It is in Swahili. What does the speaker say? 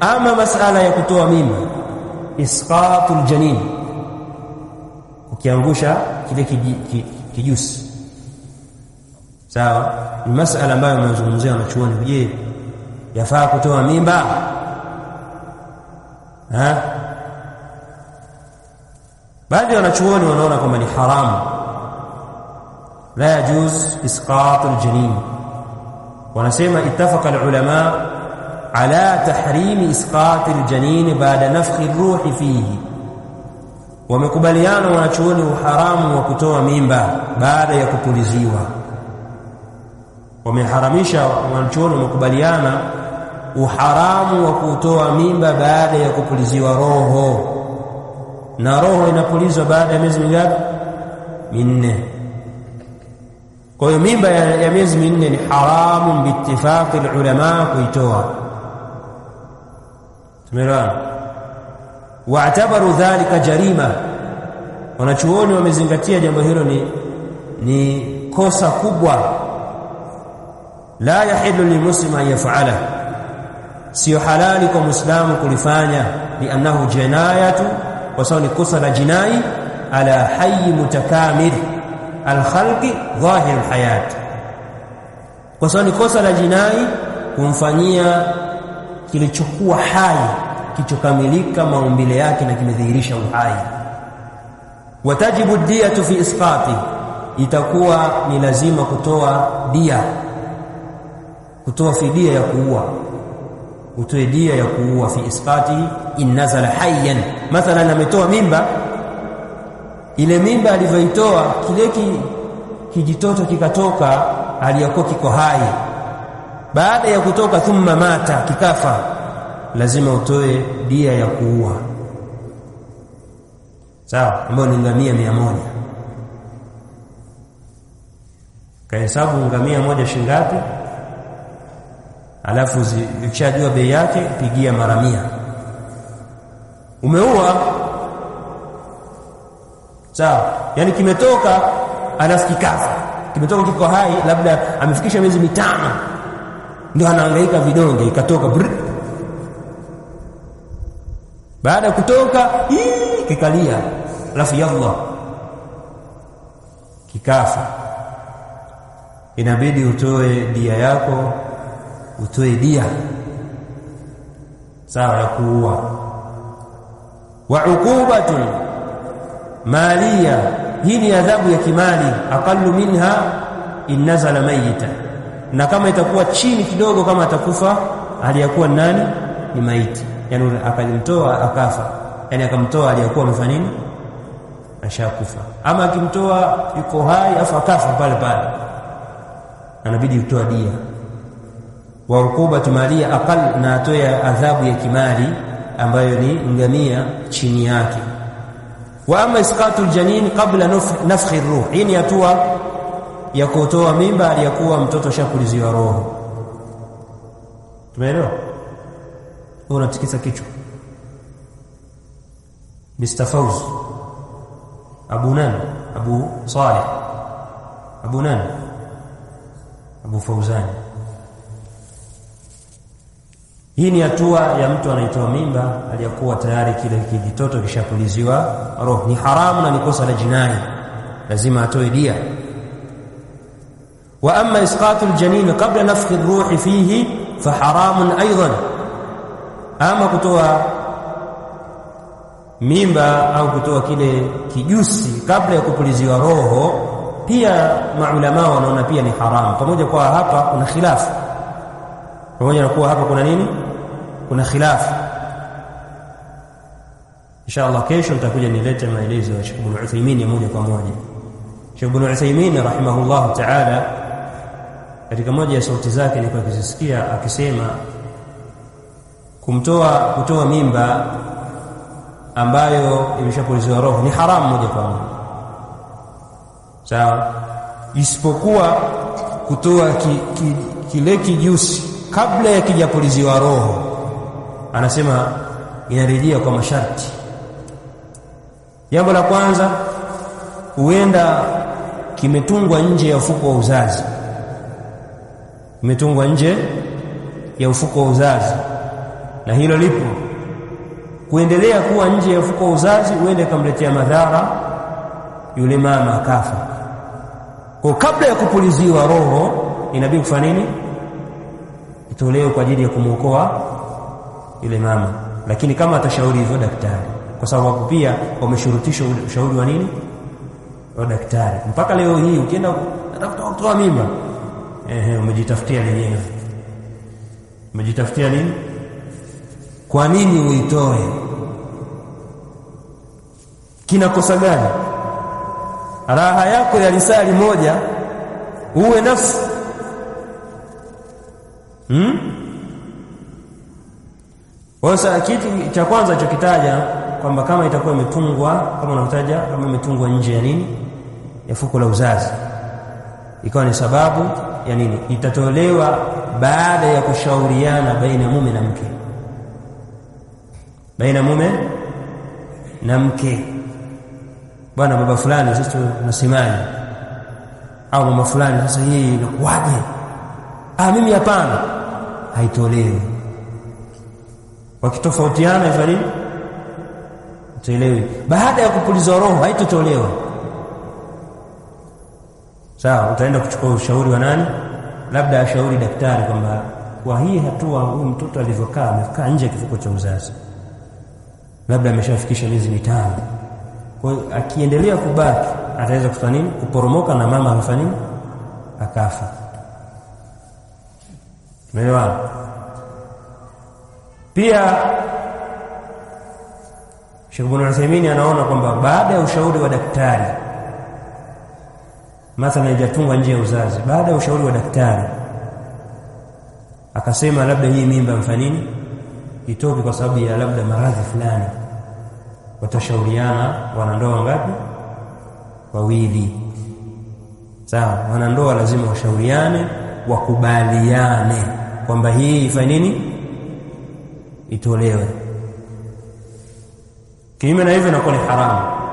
Ama masala ya kutoa mimba, isqatul janin, ukiangusha kile kijusi, sawa. Ni masala ambayo mazungumzia wanachuoni. Je, yafaa kutoa mimba ha? Baadhi ya wanachuoni wanaona kwamba ni haramu, la yajuz isqatul janin. Wanasema ittafaqa alulama ala tahrimi isqati aljanini baada nafkhi ruhi fihi, wamekubaliana wanachuoni uharamu wa kutoa mimba baada ya kupuliziwa. Wameharamisha wanachuoni, wamekubaliana uharamu wa kutoa mimba baada ya kupuliziwa roho, na roho inapulizwa baada ya miezi mingapi? Minne. Kwa hiyo mimba ya miezi minne ni haramu bitifaqi alulama kuitoa Tumeelewana? Waatabaru dhalika jarima, wanachuoni wamezingatia jambo hilo ni, ni kosa kubwa. La yahilu lilmuslimu an yafala, siyo halali kwa mwislamu kulifanya. Liannahu jinayatu, kwa sababu ni kosa la jinai. Ala hayi mutakamil alkhalqi dhahir lhayati, kwa sababu ni kosa la jinai kumfanyia kilichokuwa hai kilichokamilika maumbile yake na kimedhihirisha uhai. Watajibu diyatu fi isqati, itakuwa ni lazima kutoa dia, kutoa fidia ya kuua, utoe dia ya kuua. Fi isqati in nazala hayyan, mathalan ametoa mimba, ile mimba alivyoitoa kile kijitoto kikatoka, aliyokuwa kiko hai baada ya kutoka thumma mata, kikafa, lazima utoe dia ya kuua, sawa, ambayo ni ngamia mia moja. Kahesabu ngamia moja shingapi, alafu ukishajua bei yake pigia mara mia. Umeua, sawa, yani kimetoka, alafu kikafa, kimetoka kiko hai, labda amefikisha miezi mitano ndio anahangaika vidonge, ikatoka Baada ya kutoka kikalia, alafu yalla kikafa. Inabidi utoe dia yako, utoe dia sawa ya kuua. Wa ukubatu maliya, hii ni adhabu ya kimali. Aqallu minha in nazala mayita na kama itakuwa chini kidogo, kama atakufa aliyakuwa nani ni maiti, yani akalimtoa akafa, yani akamtoa aliyakuwa amefanya nini, ashakufa. Ama akimtoa yuko hai afa akafa pale pale, anabidi kutoa dia wa rukuba tumalia aqal, na atoya adhabu ya kimali ambayo ni ngamia chini yake. Wa ama isqatu aljanin qabla nafkhi ruh, hii ni hatua ya kutoa mimba aliyakuwa mtoto shapuliziwa roho. Tumeelewa? Unatikisa kichwa. Mr. Fauzi Abu Nan Abu Saleh Abu Nan Abu Fauzani. Hii ni hatua ya mtu anaitoa mimba aliyakuwa tayari kile kijitoto kishapuliziwa roho. Ni haramu na ni kosa la jinai, lazima atoe dia. وأما إسقاط الجنين قبل نفخ الروح فيه فحرام أيضا أما كتوى ميمبا أو كتوى كيلي كيوسي قبل كوبليزي وروه بيا مع علماء ونونا بيا حرام فموجة كوى هابا كنا خلاف فموجة كوى هابا كنا نيني كنا خلاف إن شاء الله كيش تقول أني لا تما إليزا شيخ ابن عثيمين يموني كموني شيخ ابن عثيمين رحمه الله تعالى katika moja ya sauti zake nilikuwa nikizisikia akisema kumtoa kutoa mimba ambayo imeshapuliziwa roho ni haramu moja kwa moja, sawa, isipokuwa kutoa ki, ki, kile kijusi kabla ya kijapuliziwa roho. Anasema inarejea kwa masharti. Jambo la kwanza, huenda kimetungwa nje ya ufuko wa uzazi imetungwa nje ya ufuko wa uzazi, na hilo lipo. Kuendelea kuwa nje ya ufuko wa uzazi uende kamletea madhara yule mama akafa. Kwa kabla ya kupuliziwa roho, inabidi kufanya nini? Itolewe kwa ajili ya kumwokoa yule mama, lakini kama atashauri hivyo daktari, kwa sababu pia wameshurutishwa ushauri wa nini wa daktari. Mpaka leo hii ukienda unataka kutoa mimba ehe, umejitafutia nini? umejitafutia nini? Kwa nini uitoe? Kina kosa gani? Raha yako ya risali moja uwe nafsi hmm? Sasa kitu cha kwanza chokitaja kwamba kama itakuwa imetungwa kama unataja kama imetungwa nje ya nini ya fuko la uzazi ikawa ni sababu ya nini, itatolewa baada ya kushauriana baina mume na mke, baina mume na mke. Bwana baba fulani, sisi tunasemaje? Au mama fulani, sasa hii inakuwaje? Ah, mimi hapana, haitolewi. Wakitofautiana nini itolewi baada ya kupuliza roho, haitotolewa Sawa, utaenda kuchukua ushauri wa nani? Labda ashauri daktari kwamba kwa hii hatua huyu mtoto alivyokaa, amekaa nje ya kifuko cha uzazi, labda ameshafikisha miezi mitano. Kwa hiyo akiendelea kubaki ataweza kufanya nini? Kuporomoka na mama amefanya nini? Akafa. Umeelewana? Pia Sheikh Ibn Uthaymeen anaona kwamba baada ya ushauri wa daktari mathalan haijatungwa nje ya uzazi, baada ya ushauri wa daktari akasema labda hii mimba mfanini itoke kwa sababu ya labda maradhi fulani, watashauriana wanandoa wangapi? Wawili. Sawa, wanandoa lazima washauriane, wakubaliane kwamba hii ifanini itolewe. Kinyume na hivyo inakuwa ni haramu.